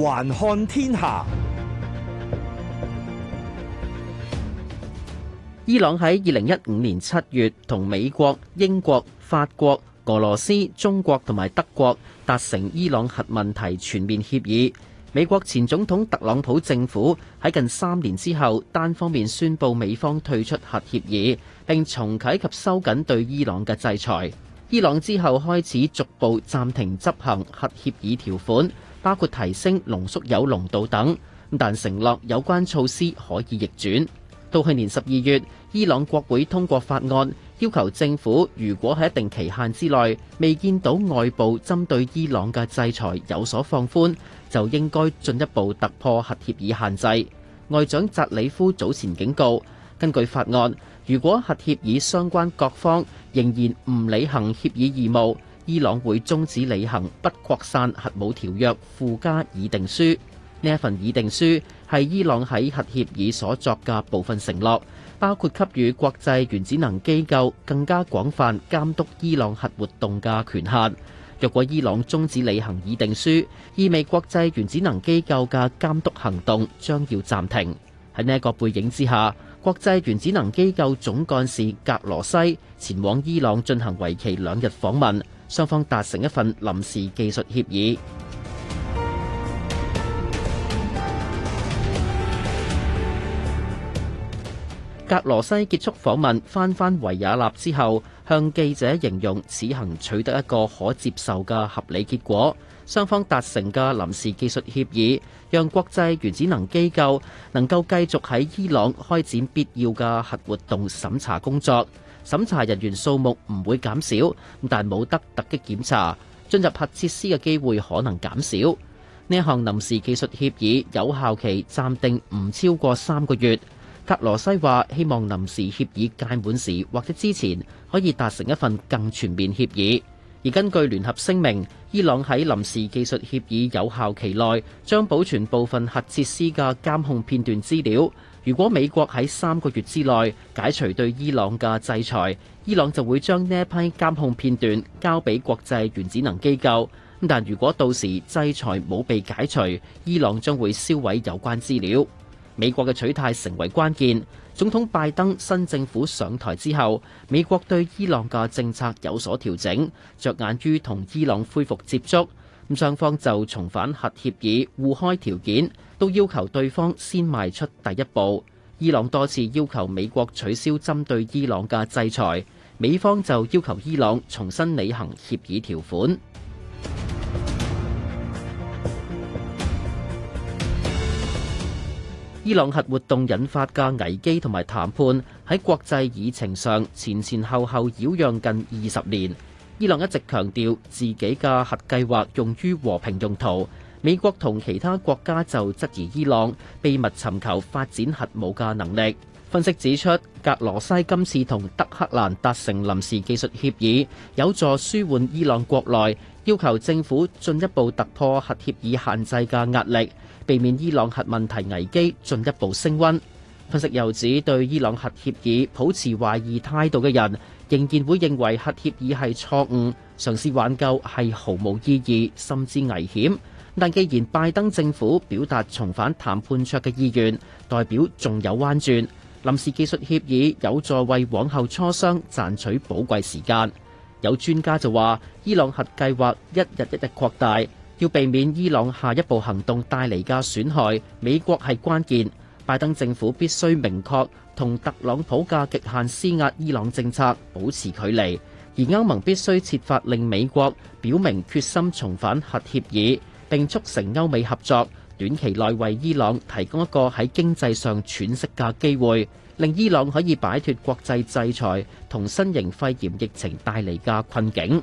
環看天下。伊朗喺二零一五年七月同美國、英國、法國、俄羅斯、中國同埋德國達成伊朗核問題全面協議。美國前總統特朗普政府喺近三年之後單方面宣布美方退出核協議，並重啟及收緊對伊朗嘅制裁。伊朗之後開始逐步暫停執行核協議條款。包括提升濃縮鈾濃度等，但承諾有關措施可以逆轉。到去年十二月，伊朗國會通過法案，要求政府如果喺一定期限之內未見到外部針對伊朗嘅制裁有所放寬，就應該進一步突破核協議限制。外長扎里夫早前警告，根據法案，如果核協議相關各方仍然唔履行協議義務，伊朗會終止履行《不擴散核武條約》附加議定書。呢一份議定書係伊朗喺核協議所作嘅部分承諾，包括給予國際原子能機構更加廣泛監督伊朗核活動嘅權限。若果伊朗終止履行議定書，意味國際原子能機構嘅監督行動將要暫停。喺呢一個背景之下，國際原子能機構總幹事格羅西前往伊朗進行為期兩日訪問。雙方達成一份臨時技術協議。格羅西結束訪問翻返維也納之後，向記者形容此行取得一個可接受嘅合理結果，雙方達成嘅臨時技術協議，讓國際原子能機構能夠繼續喺伊朗開展必要嘅核活動審查工作，審查人員數目唔會減少，但冇得突擊檢查，進入核設施嘅機會可能減少。呢一項臨時技術協議有效期暫定唔超過三個月。格羅西話：希望臨時協議屆滿時或者之前可以達成一份更全面協議。而根據聯合聲明，伊朗喺臨時技術協議有效期內將保存部分核設施嘅監控片段資料。如果美國喺三個月之內解除對伊朗嘅制裁，伊朗就會將呢一批監控片段交俾國際原子能機構。但如果到時制裁冇被解除，伊朗將會銷毀有關資料。美國嘅取態成為關鍵。總統拜登新政府上台之後，美國對伊朗嘅政策有所調整，着眼於同伊朗恢復接觸。咁雙方就重返核協議，互開條件，都要求對方先邁出第一步。伊朗多次要求美國取消針對伊朗嘅制裁，美方就要求伊朗重新履行協議條款。伊朗核活動引發嘅危機同埋談判喺國際議程上前前後後擾攘近二十年。伊朗一直強調自己嘅核計劃用於和平用途，美國同其他國家就質疑伊朗秘密尋求發展核武嘅能力。分析指出，格羅西今次同德黑蘭達成臨時技術協議有助舒緩伊朗國內要求政府進一步突破核協議限制嘅壓力，避免伊朗核問題危機進一步升温。分析又指，對伊朗核協議抱持懷疑態度嘅人，仍然會認為核協議係錯誤嘗試挽救係毫無意義甚至危險，但既然拜登政府表達重返談判桌嘅意願代表仲有彎轉。臨時技術協議有助為往後磋商賺取寶貴時間。有專家就話：伊朗核計劃一日一日擴大，要避免伊朗下一步行動帶嚟嘅損害，美國係關鍵。拜登政府必須明確同特朗普嘅極限施壓伊朗政策保持距離，而歐盟必須設法令美國表明決心重返核協議，並促成歐美合作。短期內為伊朗提供一個喺經濟上喘息嘅機會，令伊朗可以擺脫國際制裁同新型肺炎疫情帶嚟嘅困境。